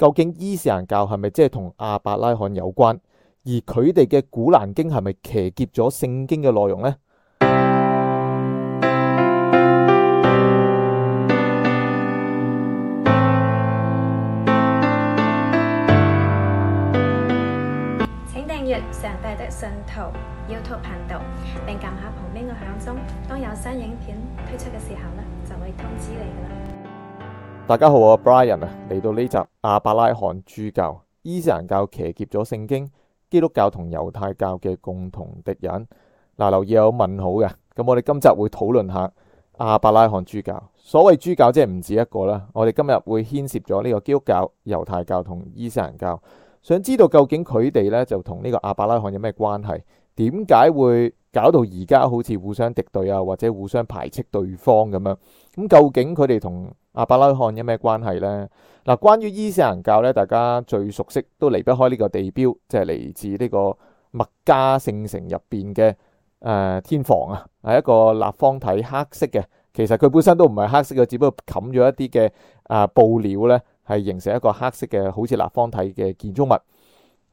究竟伊斯蘭教係咪即係同亞伯拉罕有關？而佢哋嘅古蘭經係咪騎劫咗聖經嘅內容呢？請訂閱上帝的信徒 YouTube 頻道，並撳下旁邊嘅響鐘，當有新影片推出嘅時候呢，就會通知你噶啦。大家好，我係 Brian 啊，嚟到呢集亞伯拉罕諸教，伊斯蘭教騎劫咗聖經，基督教同猶太教嘅共同敵人。嗱，留意有問號嘅，咁我哋今集會討論下亞伯拉罕諸教。所謂諸教，即係唔止一個啦。我哋今日會牽涉咗呢個基督教、猶太教同伊斯蘭教，想知道究竟佢哋呢，就同呢個亞伯拉罕有咩關係？點解會搞到而家好似互相敵對啊，或者互相排斥對方咁樣？咁究竟佢哋同亞伯拉罕有咩關係呢？嗱，關於伊斯蘭教咧，大家最熟悉都離不開呢個地標，即係嚟自呢個麥加聖城入邊嘅誒天房啊，係一個立方體黑色嘅，其實佢本身都唔係黑色嘅，只不過冚咗一啲嘅啊布料呢，係形成一個黑色嘅好似立方體嘅建築物。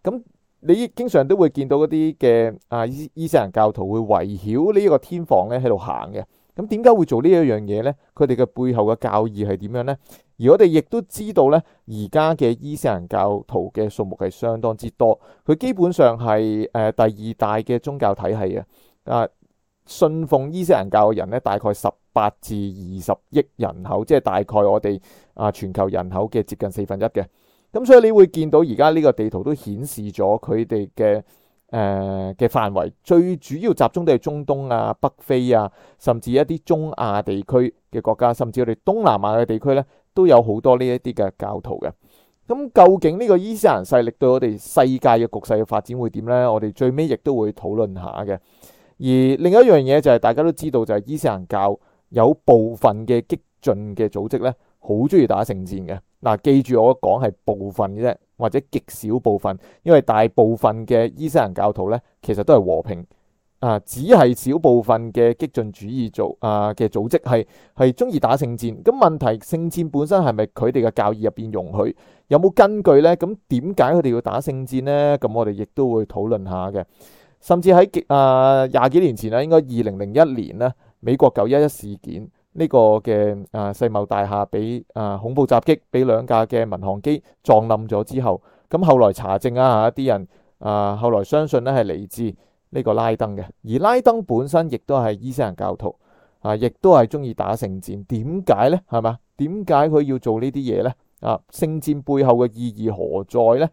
咁你經常都會見到嗰啲嘅啊，伊斯伊斯蘭教徒會圍繞呢一個天房咧喺度行嘅。咁點解會做呢一樣嘢呢？佢哋嘅背後嘅教義係點樣呢？而我哋亦都知道呢而家嘅伊斯蘭教徒嘅數目係相當之多。佢基本上係誒、呃、第二大嘅宗教體係啊！啊，信奉伊斯蘭教嘅人呢，大概十八至二十億人口，即係大概我哋啊全球人口嘅接近四分一嘅。咁所以你會見到而家呢個地圖都顯示咗佢哋嘅誒嘅範圍，最主要集中都係中東啊、北非啊，甚至一啲中亞地區嘅國家，甚至我哋東南亞嘅地區咧都有好多呢一啲嘅教徒嘅。咁究竟呢個伊斯蘭勢力對我哋世界嘅局勢嘅發展會點咧？我哋最尾亦都會討論下嘅。而另一樣嘢就係大家都知道，就係伊斯蘭教有部分嘅激進嘅組織咧，好鍾意打聖戰嘅。嗱，記住我講係部分嘅啫，或者極少部分，因為大部分嘅伊斯蘭教徒咧，其實都係和平啊，只係少部分嘅激進主義組啊嘅、呃、組織係係中意打聖戰。咁問題聖戰本身係咪佢哋嘅教義入邊容許？有冇根據咧？咁點解佢哋要打聖戰咧？咁我哋亦都會討論下嘅。甚至喺極啊廿幾年前啦，應該二零零一年呢，美國九一一事件。呢個嘅啊世貿大廈俾啊恐怖襲擊，俾兩架嘅民航機撞冧咗之後，咁後來查證啊一啲人啊，後來相信咧係嚟自呢個拉登嘅，而拉登本身亦都係伊斯蘭教徒啊，亦都係中意打聖戰。點解呢？係嘛？點解佢要做呢啲嘢呢？啊，聖戰背後嘅意義何在呢？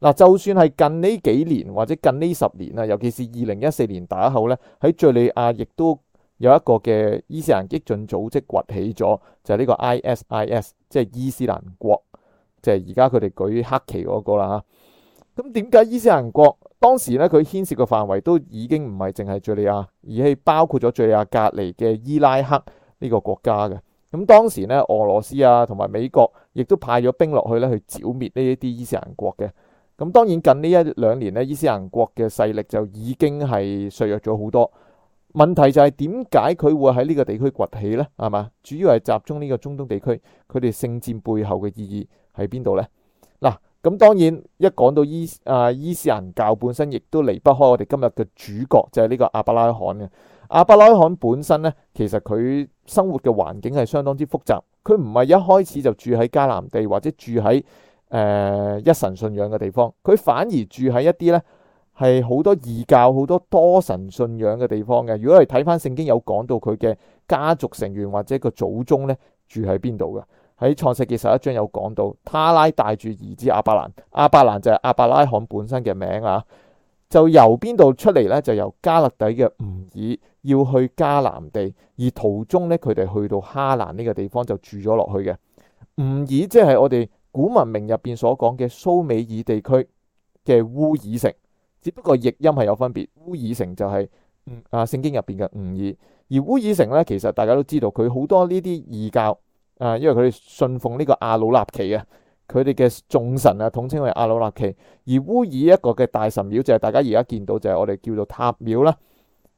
嗱，啊，就算係近呢幾年或者近呢十年啊，尤其是二零一四年打後咧，喺敘利亞亦都，有一個嘅伊斯蘭激進組織崛起咗，就係呢個 ISIS，即係伊斯蘭國，即係而家佢哋舉黑旗嗰個啦吓。咁點解伊斯蘭國當時咧，佢牽涉嘅範圍都已經唔係淨係敘利亞，而係包括咗敘利亞隔籬嘅伊拉克呢個國家嘅。咁當時咧俄羅斯啊同埋美國亦都派咗兵落去咧去剿滅呢一啲伊斯蘭國嘅。咁當然近呢一兩年咧伊斯蘭國嘅勢力就已經係削弱咗好多。問題就係點解佢會喺呢個地區崛起呢？係嘛？主要係集中呢個中東地區，佢哋聖戰背後嘅意義喺邊度呢？嗱、啊，咁當然一講到伊啊伊斯蘭教本身，亦都離不開我哋今日嘅主角，就係、是、呢個亞伯拉罕嘅。亞伯拉罕本身呢，其實佢生活嘅環境係相當之複雜，佢唔係一開始就住喺迦南地或者住喺誒、呃、一神信仰嘅地方，佢反而住喺一啲呢。係好多異教、好多多神信仰嘅地方嘅。如果你睇翻聖經，有講到佢嘅家族成員或者個祖宗咧住喺邊度嘅？喺創世記十一章有講到，他拉帶住兒子亞伯蘭，亞伯蘭就係亞伯拉罕本身嘅名啊。就由邊度出嚟咧？就由加勒底嘅吾爾要去迦南地，而途中咧佢哋去到哈蘭呢個地方就住咗落去嘅。吾爾即係我哋古文明入邊所講嘅蘇美爾地區嘅烏爾城。只不過譯音係有分別，烏爾城就係、是嗯、啊聖經入邊嘅吾爾，而烏爾城咧其實大家都知道佢好多呢啲異教啊、呃，因為佢哋信奉呢個阿魯納奇嘅，佢哋嘅眾神啊統稱為阿魯納奇。而烏爾一個嘅大神廟就係、是、大家而家見到就係我哋叫做塔廟啦，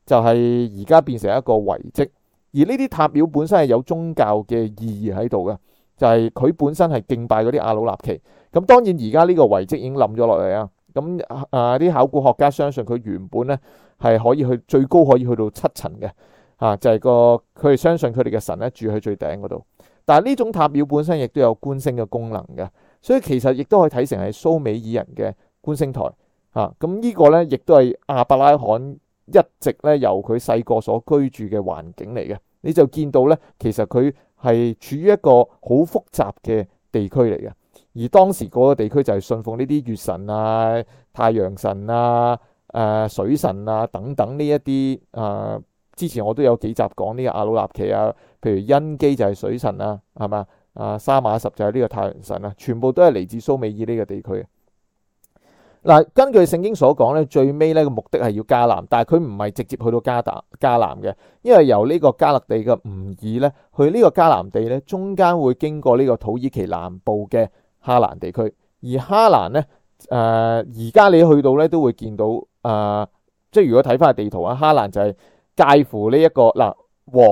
就係而家變成一個遺跡。而呢啲塔廟本身係有宗教嘅意義喺度嘅，就係、是、佢本身係敬拜嗰啲阿魯納奇。咁當然而家呢個遺跡已經冧咗落嚟啊！咁啊！啲考古學家相信佢原本咧係可以去最高可以去到七層嘅，啊就係、是、個佢哋相信佢哋嘅神咧住喺最頂嗰度。但係呢種塔廟本身亦都有觀星嘅功能嘅，所以其實亦都可以睇成係蘇美爾人嘅觀星台。嚇、啊，咁呢個咧亦都係亞伯拉罕一直咧由佢細個所居住嘅環境嚟嘅。你就見到咧，其實佢係處於一個好複雜嘅地區嚟嘅。而當時嗰個地區就係信奉呢啲月神啊、太陽神啊、誒、啊、水神啊等等呢一啲誒。之前我都有幾集講呢個阿魯納奇啊，譬如恩基就係水神啊，係嘛，啊沙馬什就係呢個太陽神啊，全部都係嚟自蘇美爾呢個地區。嗱、啊，根據聖經所講咧，最尾咧個目的係要加南，但係佢唔係直接去到加達加南嘅，因為由呢個加勒地嘅吾爾咧去呢個加南地咧，中間會經過呢個土耳其南部嘅。哈蘭地區，而哈蘭咧誒，而、呃、家你去到咧都會見到誒、呃，即係如果睇翻個地圖啊，哈蘭就係介乎呢、這、一個嗱、呃、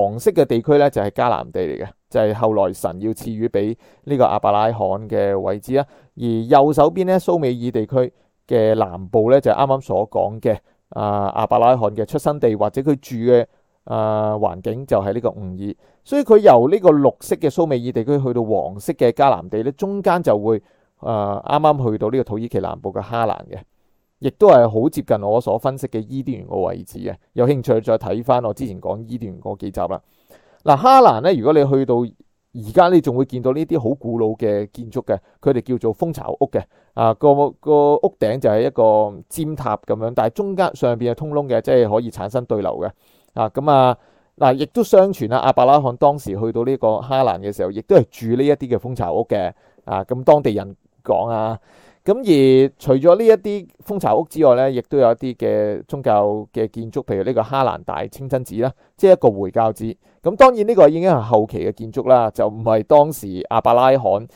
黃色嘅地區咧，就係迦南地嚟嘅，就係後來神要賜予俾呢個亞伯拉罕嘅位置啦。而右手邊咧蘇美爾地區嘅南部咧，就係啱啱所講嘅啊亞伯拉罕嘅出生地或者佢住嘅。啊、呃，環境就係呢個烏爾，所以佢由呢個綠色嘅蘇美爾地區去到黃色嘅迦南地呢，中間就會啊啱啱去到呢個土耳其南部嘅哈蘭嘅，亦都係好接近我所分析嘅伊甸園個位置嘅。有興趣再睇翻我之前講伊甸園嗰幾集啦。嗱，哈蘭呢，如果你去到而家，你仲會見到呢啲好古老嘅建築嘅，佢哋叫做蜂巢屋嘅，啊個個屋頂就係一個尖塔咁樣，但係中間上邊係通窿嘅，即係可以產生對流嘅。啊咁啊嗱，亦都相傳啦、啊。阿伯拉罕當時去到呢個哈蘭嘅時候，亦都係住呢一啲嘅蜂巢屋嘅。啊，咁、啊、當地人講啊。咁、啊、而除咗呢一啲蜂巢屋之外咧，亦都有一啲嘅宗教嘅建築，譬如呢個哈蘭大清真寺啦、啊，即係一個回教寺。咁、啊、當然呢個已經係後期嘅建築啦，就唔係當時阿伯拉罕誒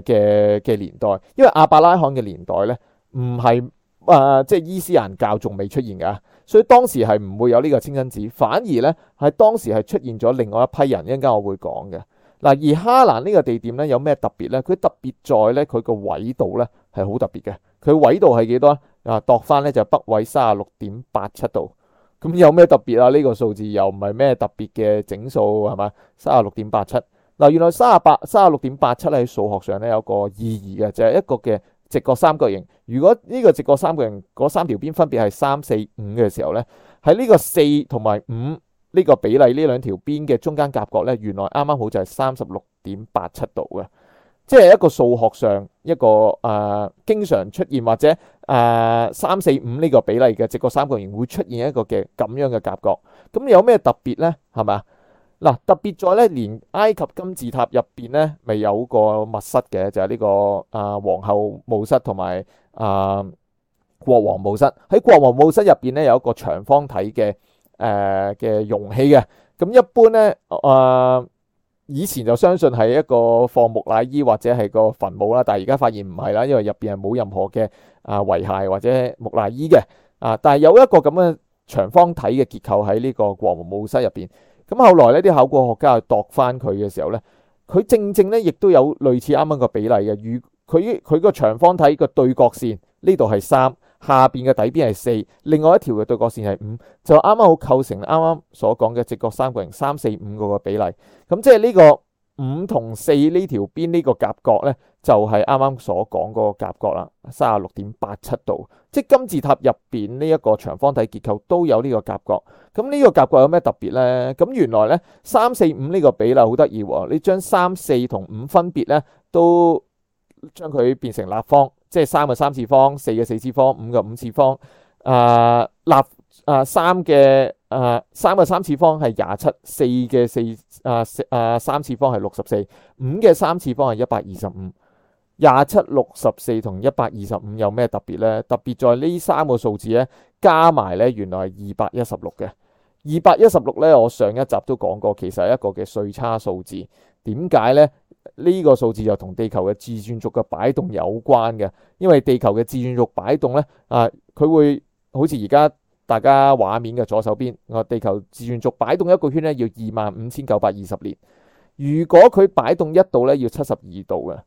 嘅嘅年代，因為阿伯拉罕嘅年代咧唔係啊，即、就、係、是、伊斯蘭教仲未出現㗎。所以當時係唔會有呢個清真寺，反而咧係當時係出現咗另外一批人，一陣間我會講嘅。嗱，而哈蘭呢個地點咧有咩特別咧？佢特別在咧佢個緯度咧係好特別嘅。佢緯度係幾多啊？啊，度翻咧就係北緯三啊六點八七度。咁有咩特別啊？呢個數字又唔係咩特別嘅整數係咪？三啊六點八七。嗱，原來三啊八三啊六點八七喺數學上咧有個意義嘅，就係一個嘅。直角三角形，如果呢個直角三角形嗰三條邊分別係三四五嘅時候呢，喺呢個四同埋五呢個比例呢兩條邊嘅中間夾角呢，原來啱啱好就係三十六點八七度嘅，即係一個數學上一個誒、呃、經常出現或者誒三四五呢個比例嘅直角三角形會出現一個嘅咁樣嘅夾角，咁有咩特別呢？係咪？嗱，特別在咧，連埃及金字塔入邊咧，咪有個密室嘅，就係呢個啊皇后墓室同埋啊國王墓室。喺國王墓室入邊咧，有一個長方體嘅誒嘅容器嘅。咁一般咧，誒以前就相信係一個放木乃伊或者係個墳墓啦，但係而家發現唔係啦，因為入邊係冇任何嘅啊遺骸或者木乃伊嘅啊，但係有一個咁嘅長方體嘅結構喺呢個國王墓室入邊。咁後來呢啲考古學家去度翻佢嘅時候呢佢正正呢亦都有類似啱啱個比例嘅。如佢佢個長方體個對角線呢度係三，3, 下邊嘅底邊係四，另外一條嘅對角線係五，就啱啱好構成啱啱所講嘅直角三角形三四五個個比例。咁即係呢個五同四呢條邊呢個夾角呢。就係啱啱所講嗰個夾角啦，三十六點八七度，即金字塔入邊呢一個長方體結構都有呢個夾角。咁呢個夾角有咩特別呢？咁原來呢，三四五呢個比例好得意喎。你將三四同五分別呢，都將佢變成立方，即係三嘅三次方、四嘅四次方、五嘅五次方。啊、呃，立啊三嘅啊三嘅三次方係廿七，四嘅四啊四啊三次方係六十四，五嘅三次方係一百二十五。廿七六十四同一百二十五有咩特別呢？特別在呢三個數字咧，加埋咧，原來係二百一十六嘅。二百一十六咧，我上一集都講過，其實係一個嘅歲差數字。點解咧？呢個數字就同地球嘅自轉軸嘅擺動有關嘅。因為地球嘅自轉軸擺動咧，啊，佢會好似而家大家畫面嘅左手邊，我地球自轉軸擺動一個圈咧，要二萬五千九百二十年。如果佢擺動一度咧，要七十二度嘅。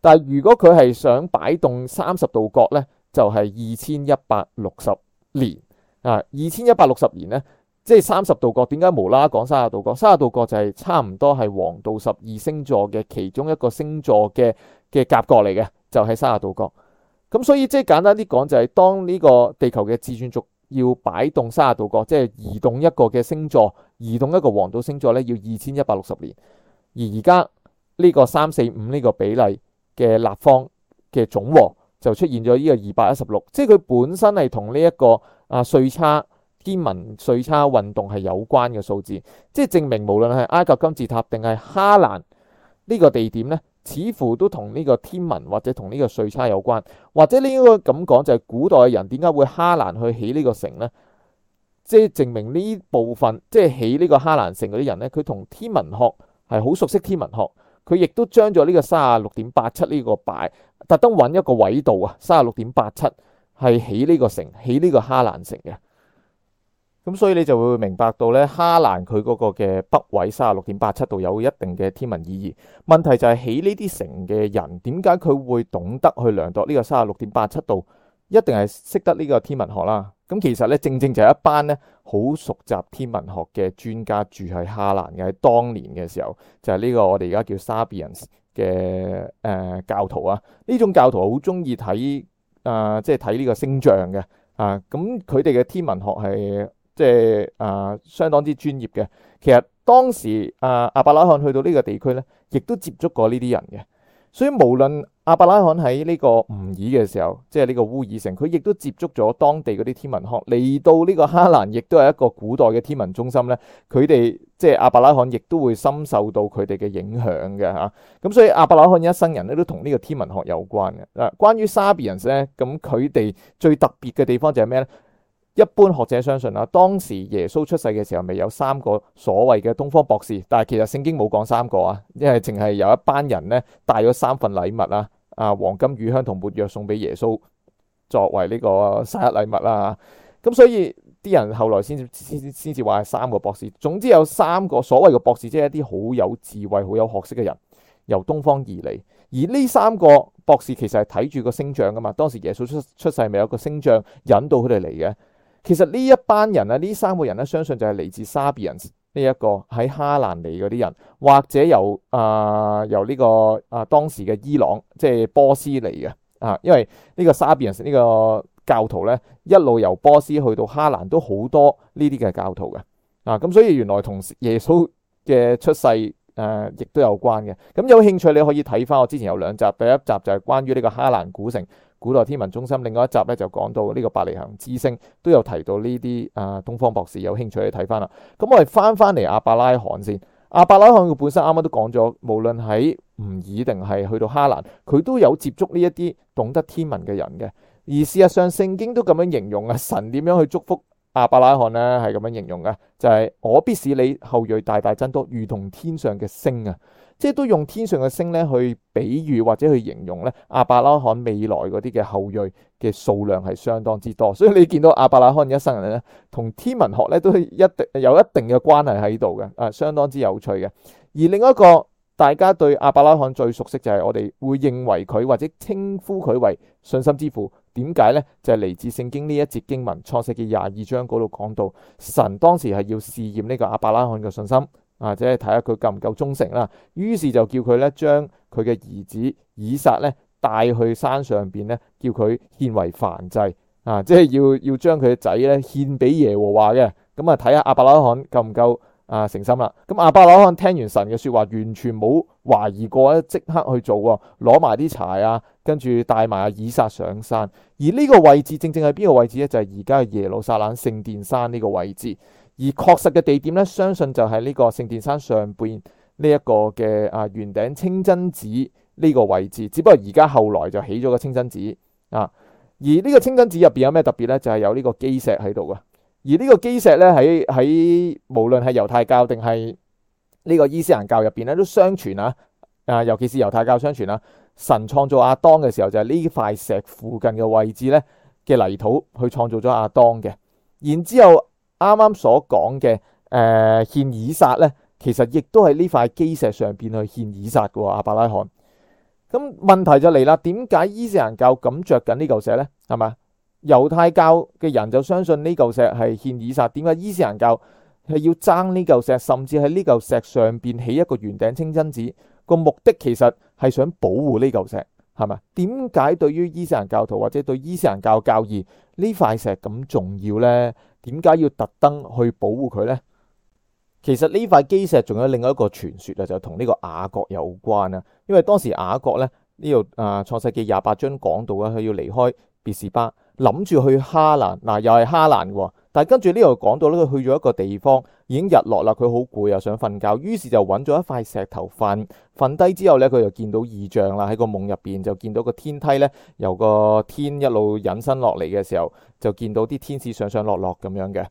但係如果佢係想擺動三十度角呢，就係二千一百六十年啊。二千一百六十年呢，即係三十度角。點解無啦講三十度角？三十度角就係差唔多係黃道十二星座嘅其中一個星座嘅嘅夾角嚟嘅，就係三十度角。咁所以即係簡單啲講，就係當呢個地球嘅自轉軸要擺動三十度角，即係移動一個嘅星座，移動一個黃道星座呢，要二千一百六十年。而而家呢個三四五呢個比例。嘅立方嘅總和就出現咗呢個二百一十六，即係佢本身係同呢一個啊歲差天文歲差運動係有關嘅數字，即係證明無論係埃及金字塔定係哈蘭呢個地點呢，似乎都同呢個天文或者同呢個歲差有關，或者呢個咁講就係古代嘅人點解會哈蘭去起呢個城呢？即係證明呢部分即係起呢個哈蘭城嗰啲人呢，佢同天文學係好熟悉天文學。佢亦都將咗呢個三十六點八七呢個擺，特登揾一個緯度啊，三十六點八七係起呢個城，起呢個哈蘭城嘅。咁所以你就會明白到呢哈蘭佢嗰個嘅北緯三十六點八七度有一定嘅天文意義。問題就係起呢啲城嘅人點解佢會懂得去量度呢個三十六點八七度？一定係識得呢個天文學啦。咁其實咧，正正就係一班咧好熟習天文學嘅專家住喺哈蘭嘅。喺當年嘅時候，就係、是、呢個我哋而家叫 Sabians 嘅誒、呃、教徒啊。呢種教徒好中意睇啊，即係睇呢個星象嘅啊。咁佢哋嘅天文學係即係啊、呃、相當之專業嘅。其實當時啊阿、呃、伯拉罕去到呢個地區咧，亦都接觸過呢啲人嘅。所以無論亞伯拉罕喺呢個吾爾嘅時候，即係呢個烏爾城，佢亦都接觸咗當地嗰啲天文學。嚟到呢個哈蘭，亦都係一個古代嘅天文中心咧。佢哋即係亞伯拉罕，亦都會深受到佢哋嘅影響嘅㗎。咁所以亞伯拉罕一生人咧都同呢個天文學有關嘅。嗱，關於 Sabeans 咧，咁佢哋最特別嘅地方就係咩咧？一般學者相信啦，當時耶穌出世嘅時候，未有三個所謂嘅東方博士，但係其實聖經冇講三個啊，因為淨係有一班人咧帶咗三份禮物啊，啊，黃金、乳香同沒藥送俾耶穌作為呢個生日禮物啦。咁所以啲人後來先先先至話係三個博士。總之有三個所謂嘅博士，即係一啲好有智慧、好有學識嘅人由東方而嚟。而呢三個博士其實係睇住個星象噶嘛，當時耶穌出出世未有個星象引導佢哋嚟嘅。其實呢一班人咧，呢三個人咧，相信就係嚟自 Sabians 呢一個喺哈蘭嚟嗰啲人，或者由啊、呃、由呢、這個啊、呃、當時嘅伊朗即係波斯嚟嘅啊，因為呢個 Sabians 呢個教徒咧，一路由波斯去到哈蘭都好多呢啲嘅教徒嘅啊，咁所以原來同耶穌嘅出世誒亦、呃、都有關嘅。咁有興趣你可以睇翻我之前有兩集，第一集就係關於呢個哈蘭古城。古代天文中心，另外一集咧就講到呢、這個伯利恆之星，都有提到呢啲啊，東方博士有興趣去睇翻啦。咁我哋翻翻嚟亞伯拉罕先，亞伯拉罕佢本身啱啱都講咗，無論喺吳爾定係去到哈蘭，佢都有接觸呢一啲懂得天文嘅人嘅。而事實上，聖經都咁樣形容啊，神點樣去祝福亞伯拉罕咧，係咁樣形容嘅，就係、是、我必使你後裔大大增多，如同天上嘅星啊！即係都用天上嘅星咧去比喻或者去形容咧，亞伯拉罕未來嗰啲嘅後裔嘅數量係相當之多，所以你見到亞伯拉罕一生人咧，同天文學咧都一定有一定嘅關係喺度嘅，啊相當之有趣嘅。而另一個大家對亞伯拉罕最熟悉就係我哋會認為佢或者稱呼佢為信心之父，點解咧？就係嚟自聖經呢一節經文《創世記》廿二章嗰度講到，神當時係要試驗呢個亞伯拉罕嘅信心。啊，即係睇下佢夠唔夠忠誠啦。於是就叫佢咧，將佢嘅兒子以撒咧帶去山上邊咧，叫佢獻為燔祭。啊，即係要要將佢嘅仔咧獻俾耶和華嘅。咁啊，睇下亞伯拉罕夠唔夠啊誠心啦。咁、啊、亞伯拉罕聽完神嘅說話，完全冇懷疑過，即刻去做喎，攞埋啲柴啊，跟住帶埋阿以撒上山。而呢個位置正正喺邊個位置咧？就係而家嘅耶路撒冷聖殿山呢個位置。而確實嘅地點咧，相信就係呢個聖殿山上邊呢一個嘅啊圓頂清真寺呢個位置。只不過而家後來就起咗、啊、個清真寺啊。而呢個清真寺入邊有咩特別咧？就係、是、有呢個基石喺度啊。而呢個基石咧，喺喺無論係猶太教定係呢個伊斯蘭教入邊咧，都相傳啊啊，尤其是猶太教相傳啊，神創造亞當嘅時候，就係呢塊石附近嘅位置咧嘅泥土去創造咗亞當嘅。然之後。啱啱所講嘅誒，獻以撒咧，其實亦都係呢塊基石上邊去獻以撒嘅阿伯拉罕。咁問題就嚟啦，點解伊斯蘭教咁着緊呢嚿石呢？係咪？猶太教嘅人就相信呢嚿石係獻以撒，點解伊斯蘭教係要爭呢嚿石，甚至喺呢嚿石上邊起一個圓頂清真寺？個目的其實係想保護呢嚿石，係咪？點解對於伊斯蘭教徒或者對伊斯蘭教教義，呢塊石咁重要呢？點解要特登去保護佢咧？其實呢塊基石仲有另外一個傳說啊，就同呢個雅各有關啊。因為當時雅各咧，呢度啊創世紀廿八章講到啊，佢要離開別士巴，諗住去哈蘭嗱、啊，又係哈蘭嘅。但係跟住呢度講到咧，佢去咗一個地方，已經日落啦。佢好攰啊，想瞓覺，於是就揾咗一塊石頭瞓。瞓低之後咧，佢就見到異象啦。喺個夢入邊就見到個天梯咧，由個天一路延伸落嚟嘅時候，就見到啲天使上上落落咁樣嘅。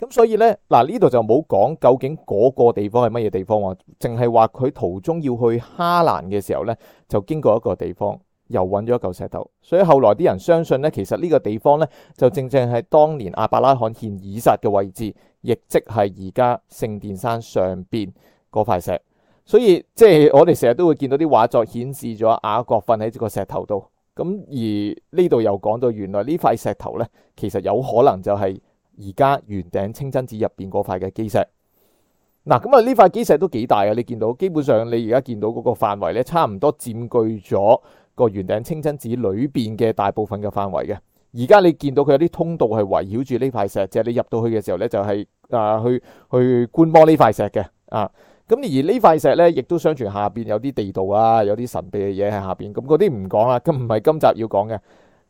咁所以咧，嗱呢度就冇講究竟嗰個地方係乜嘢地方喎，淨係話佢途中要去哈蘭嘅時候咧，就經過一個地方。又揾咗一嚿石頭，所以後來啲人相信呢，其實呢個地方呢，就正正係當年亞伯拉罕獻以撒嘅位置，亦即係而家聖殿山上邊嗰塊石。所以即係、就是、我哋成日都會見到啲畫作顯示咗雅各瞓喺個石頭度。咁而呢度又講到，原來呢塊石頭呢，其實有可能就係而家圓頂清真寺入邊嗰塊嘅基石。嗱，咁啊呢塊基石都幾大啊！你見到，基本上你而家見到嗰個範圍呢，差唔多佔據咗。個圓頂清真寺裏邊嘅大部分嘅範圍嘅，而家你見到佢有啲通道係圍繞住呢塊石，即係你入到去嘅時候咧，就係啊去去觀摩呢塊石嘅啊。咁而呢塊石咧，亦都相傳下邊有啲地道啊，有啲神秘嘅嘢喺下邊。咁嗰啲唔講啊，咁唔係今集要講嘅。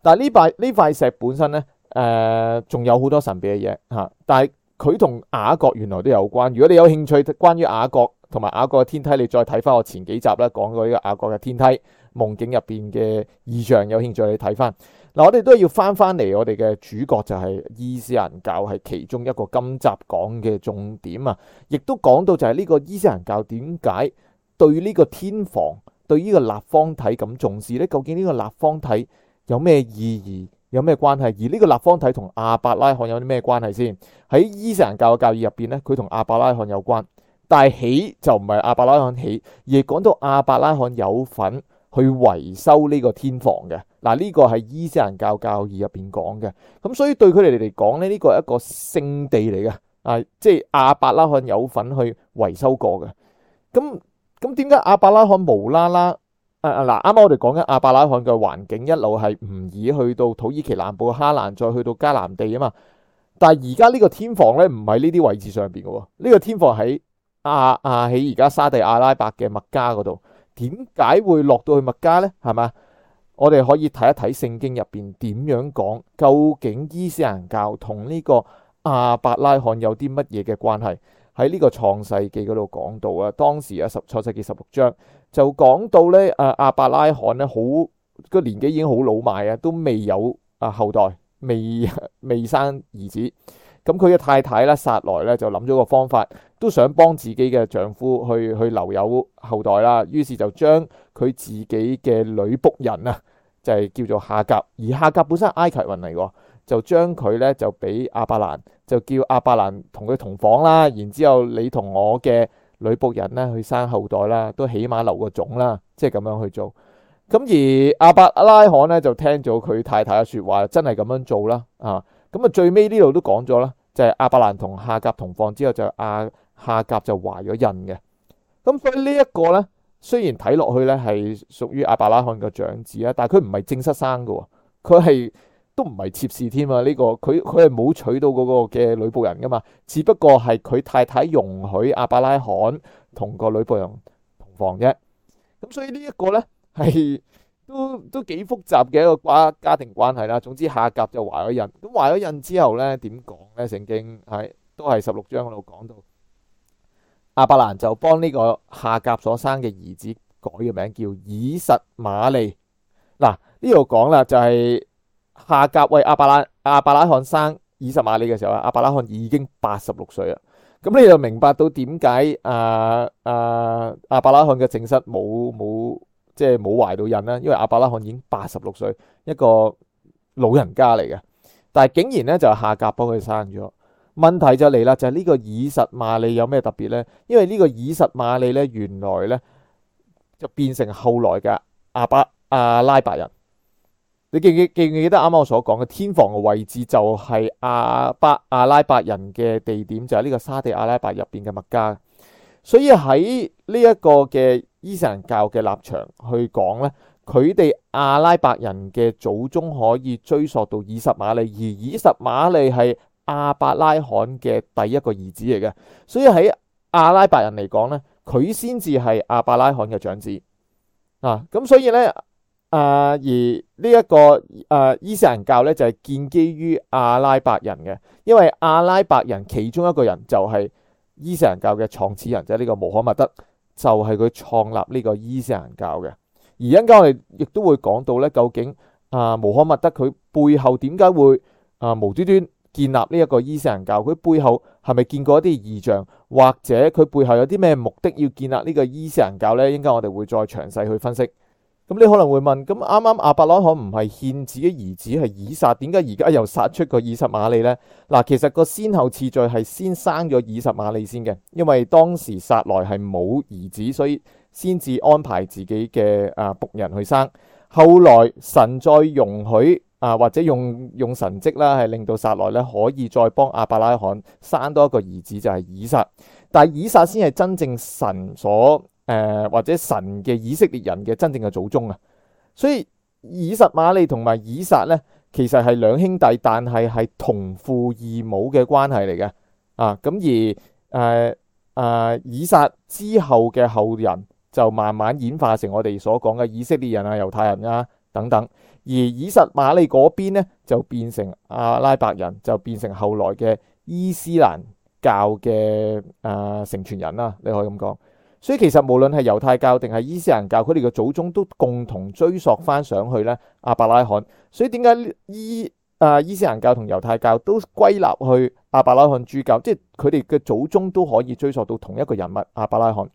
但係呢塊呢塊石本身咧，誒仲有好多神秘嘅嘢嚇。但係佢同雅各原來都有關。如果你有興趣，關於雅各同埋雅各嘅天梯，你再睇翻我前幾集咧講過呢個雅各嘅天梯。夢境入邊嘅異象有興趣，你睇翻嗱。我哋都要翻翻嚟，我哋嘅主角就係伊斯蘭教，係其中一個今集講嘅重點啊。亦都講到就係呢個伊斯蘭教點解對呢個天房對呢個立方體咁重視呢？究竟呢個立方體有咩意義？有咩關係？而呢個立方體同亞伯拉罕有啲咩關係先？喺伊斯蘭教嘅教義入邊呢，佢同亞伯拉罕有關，但係起就唔係亞伯拉罕起。而講到亞伯拉罕有份去維修呢個天房嘅，嗱、啊、呢、這個係伊斯蘭教教義入邊講嘅，咁、啊、所以對佢哋嚟講咧，呢、這個係一個聖地嚟嘅，啊，即係亞伯拉罕有份去維修過嘅。咁咁點解亞伯拉罕無啦啦？啊啊嗱，啱啱我哋講緊亞伯拉罕嘅環境一路係唔易去到土耳其南部嘅哈蘭，再去到加南地啊嘛。但係而家呢個天房咧，唔係呢啲位置上邊嘅喎，呢、這個天房喺阿亞喺而家沙地阿拉伯嘅麥加嗰度。點解會落到去麥加呢？係嘛？我哋可以睇一睇聖經入邊點樣講，究竟伊斯蘭教同呢個亞伯拉罕有啲乜嘢嘅關係？喺呢個創世記嗰度講到啊，當時啊，十創世記十六章就講到呢，啊亞伯拉罕呢好、那個年紀已經好老邁啊，都未有啊後代，未未生兒子。咁佢嘅太太咧，薩萊咧就諗咗個方法，都想幫自己嘅丈夫去去留有後代啦。於是就將佢自己嘅女僕人啊，就係叫做夏甲，而夏甲本身埃及人嚟嘅，就將佢咧就俾亞伯蘭，就叫亞伯蘭同佢同房啦。然之後你同我嘅女僕人咧去生後代啦，都起碼留個種啦，即係咁樣去做。咁而亞伯拉罕咧就聽咗佢太太嘅説話，真係咁樣做啦，啊！咁啊，最尾呢度都講咗啦，就係、是、亞伯蘭同夏甲同房之後就，就阿夏甲就懷咗孕嘅。咁所以呢一個咧，雖然睇落去咧係屬於亞伯拉罕嘅長子啊，但係佢唔係正室生噶喎，佢係都唔係妾侍添啊。呢、這個佢佢係冇娶到嗰個嘅女僕人噶嘛，只不過係佢太太容許亞伯拉罕同個女僕人同房啫。咁所以呢一個咧係。都都幾複雜嘅一個家家庭關係啦。總之夏甲就懷咗孕，咁懷咗孕之後呢點講呢？聖經係都係十六章嗰度講到，亞伯蘭就幫呢個夏甲所生嘅兒子改個名叫以實瑪利。嗱呢度講啦，就係、是、夏甲為亞伯拉亞伯拉罕生以實瑪利嘅時候亞伯拉罕已經八十六歲啦。咁你就明白到點解啊啊亞伯拉罕嘅正室冇冇？即係冇懷到孕啦，因為阿伯拉罕已經八十六歲，一個老人家嚟嘅，但係竟然咧就夏甲幫佢生咗。問題就嚟啦，就係呢個以實瑪利有咩特別咧？因為呢個以實瑪利咧，原來咧就變成後來嘅阿伯阿拉伯人。你記唔記記唔記得啱啱我所講嘅天房嘅位置就係阿伯阿拉伯人嘅地點，就喺呢個沙地阿拉伯入邊嘅麥加。所以喺呢一個嘅伊斯蘭教嘅立場去講咧，佢哋阿拉伯人嘅祖宗可以追溯到以實瑪利，而以實瑪利係亞伯拉罕嘅第一個兒子嚟嘅。所以喺阿拉伯人嚟講咧，佢先至係亞伯拉罕嘅長子。啊，咁所以咧，啊而、這個、啊呢一個誒伊斯蘭教咧就係、是、建基於阿拉伯人嘅，因為阿拉伯人其中一個人就係、是。伊斯蘭教嘅創始人即係呢個穆罕默德，就係、是、佢創立呢個伊斯蘭教嘅。而一陣間我哋亦都會講到咧，究竟啊穆罕默德佢背後點解會啊無端端建立呢一個伊斯蘭教？佢背後係咪見過一啲異象，或者佢背後有啲咩目的要建立個人呢個伊斯蘭教咧？一陣間我哋會再詳細去分析。咁你可能會問，咁啱啱阿伯拉罕唔係獻自己兒子係以撒，點解而家又殺出個以實瑪利呢？嗱，其實個先後次序係先生咗以實瑪利先嘅，因為當時撒萊係冇兒子，所以先至安排自己嘅啊僕人去生。後來神再容許啊，或者用用神蹟啦，係令到撒萊咧可以再幫阿伯拉罕生多一個兒子，就係以撒。但係以撒先係真正神所。誒、呃，或者神嘅以色列人嘅真正嘅祖宗啊，所以以實瑪利同埋以撒咧，其實係兩兄弟，但係係同父異母嘅關係嚟嘅啊。咁而誒誒、啊啊，以撒之後嘅後人就慢慢演化成我哋所講嘅以色列人啊、猶太人啊等等。而以實瑪利嗰邊咧就變成阿、啊、拉伯人，就變成後來嘅伊斯蘭教嘅誒、啊、成傳人啦、啊。你可以咁講。所以其實無論係猶太教定係伊斯蘭教，佢哋嘅祖宗都共同追溯翻上去咧阿伯拉罕。所以點解伊啊伊斯蘭教同猶太教都歸納去阿伯拉罕諸教，即係佢哋嘅祖宗都可以追溯到同一個人物阿伯拉罕。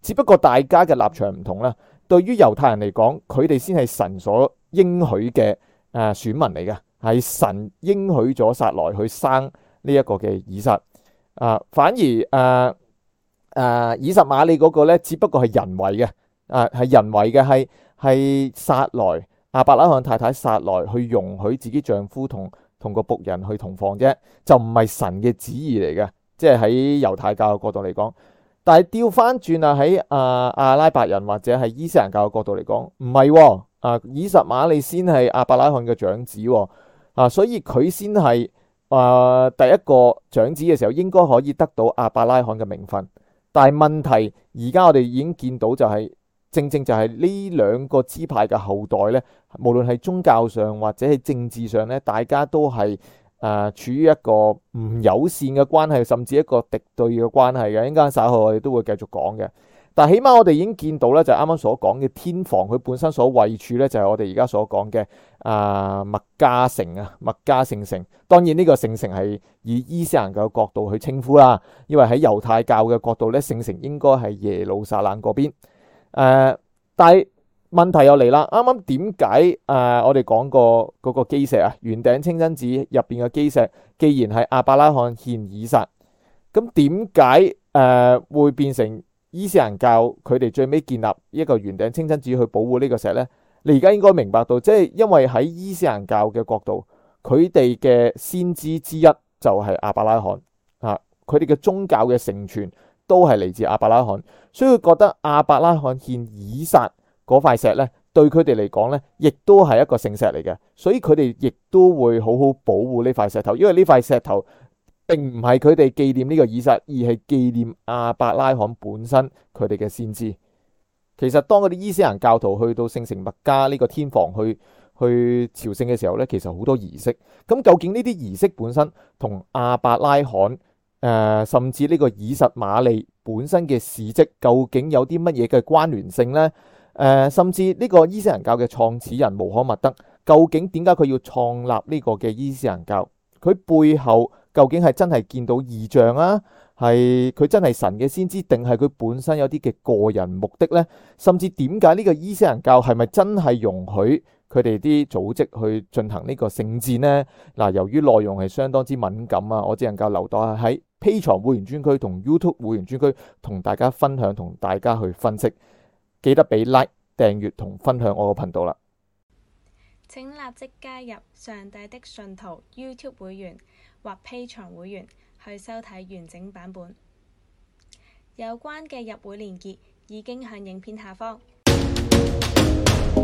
只不過大家嘅立場唔同啦。對於猶太人嚟講，佢哋先係神所應許嘅誒選民嚟嘅，係神應許咗撒萊去生呢一個嘅以撒。啊，反而誒。啊啊！以實瑪利嗰個咧，只不過係人為嘅啊，係人為嘅係係撒萊亞伯拉罕太太撒萊去容許自己丈夫同同個僕人去同房啫，就唔係神嘅旨意嚟嘅。即係喺猶太教嘅角度嚟講，但係掉返轉啊，喺阿阿拉伯人或者係伊斯蘭教嘅角度嚟講，唔係、哦、啊，以實瑪利先係亞伯拉罕嘅長子、哦、啊，所以佢先係啊第一個長子嘅時候，應該可以得到亞伯拉罕嘅名分。但係問題，而家我哋已經見到就係、是，正正就係呢兩個支派嘅後代咧，無論係宗教上或者係政治上咧，大家都係誒、呃、處於一個唔友善嘅關係，甚至一個敵對嘅關係嘅。一陣間稍後我哋都會繼續講嘅。但起碼我哋已經見到咧，就啱啱所講嘅天房，佢本身所位處咧，就係我哋而家所講嘅啊麥加城啊麥加聖城。當然呢個聖城係以伊斯蘭嘅角度去稱呼啦，因為喺猶太教嘅角度咧，聖城應該係耶路撒冷嗰邊，呃。但係問題又嚟啦，啱啱點解誒我哋講過嗰個基石啊，圓頂清真寺入邊嘅基石，既然係亞伯拉罕獻以撒，咁點解誒會變成？伊斯蘭教佢哋最尾建立一個圓頂清真寺去保護呢個石咧，你而家應該明白到，即係因為喺伊斯蘭教嘅角度，佢哋嘅先知之一就係亞伯拉罕，吓佢哋嘅宗教嘅成全都係嚟自亞伯拉罕，所以佢覺得亞伯拉罕獻以撒嗰塊石咧，對佢哋嚟講咧，亦都係一個聖石嚟嘅，所以佢哋亦都會好好保護呢塊石頭，因為呢塊石頭。並唔係佢哋紀念呢個以實，而係紀念亞伯拉罕本身佢哋嘅先知。其實當嗰啲伊斯蘭教徒去到聖城麥加呢個天房去去朝聖嘅時候呢，其實好多儀式。咁究竟呢啲儀式本身同亞伯拉罕誒、呃，甚至呢個以實馬利本身嘅事跡，究竟有啲乜嘢嘅關聯性呢？誒、呃，甚至呢個伊斯蘭教嘅創始人穆罕默德，究竟點解佢要創立呢個嘅伊斯蘭教？佢背後？究竟係真係見到異象啊？係佢真係神嘅先知，定係佢本身有啲嘅個人目的呢？甚至點解呢個伊斯蘭教係咪真係容許佢哋啲組織去進行呢個聖戰呢？嗱，由於內容係相當之敏感啊，我只能夠留待喺 Patreon 會員專區同 YouTube 會員專區同大家分享，同大家去分析。記得俾 like 訂閱同分享我個頻道啦！請立即加入上帝的信徒 YouTube 會員。或 Patreon 會員去收睇完整版本。有關嘅入會連結已經向影片下方。